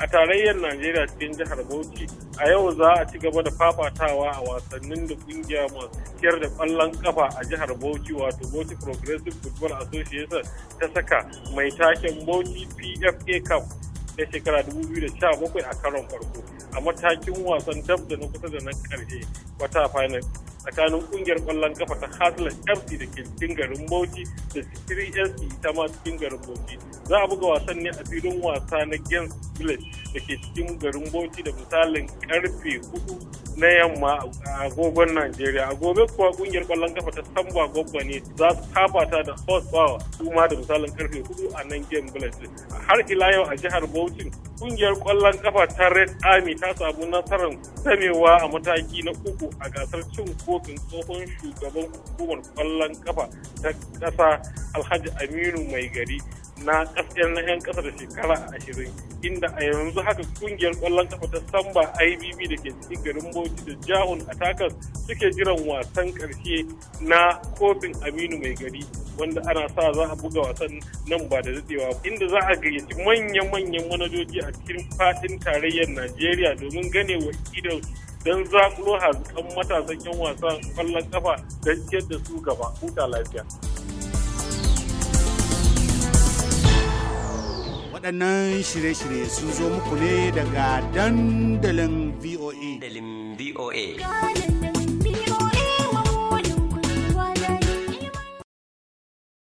A tarayyar Najeriya cikin jihar Bauchi, a yau za a ci gaba da fafatawa a wasannin da kungiya masu ciyar da ƙwallon ƙafa a jihar Bauchi wato Bauchi Progressive Football Association ta saka mai taken Bauchi PFA Cup na shekara 2017 a karon farko a matakin wasan tab da na kusa da na ƙarshe wata final tsakanin kungiyar kwallon kafa ta Hasla FC da ke cikin garin Bauchi da sikiri FC ta ma cikin garin Bauchi. Za a buga wasan ne a filin wasa na Gens Village da ke cikin garin Bauchi da misalin karfe 4 na yamma a agogon Najeriya. A gobe kuwa kungiyar kwallon kafa ta Samba Gobba ne za su kafata da Horse Power ma da misalin karfe 4 a nan Gens Village. Har ila yau a jihar Bauchi kungiyar kwallon kafa ta red army ta samu nasarar samewa a mataki na uku a gasar cin kofin tsohon shugaban hukumar kwallon kafa ta ƙasa alhaji aminu mai gari na kasar na 'yan kasa da shekara ashirin inda a yanzu haka kungiyar kwallon kafa ta samba ibb da ke cikin garin bauchi da jahun atakas suke jiran wasan karshe na kofin aminu mai gari wanda ana sa za a buga wasan nan ba da daɗewa inda za a gayyaci manya-manyan manajoji a cikin fadin tarayyar najeriya domin gane wa idan don zakulo hazikan matasan 'yan wasan kwallon kafa don ciyar da su gaba huta lafiya waɗannan shirye-shirye sun zo muku ne daga dandalin VOA. Dandalin VOA.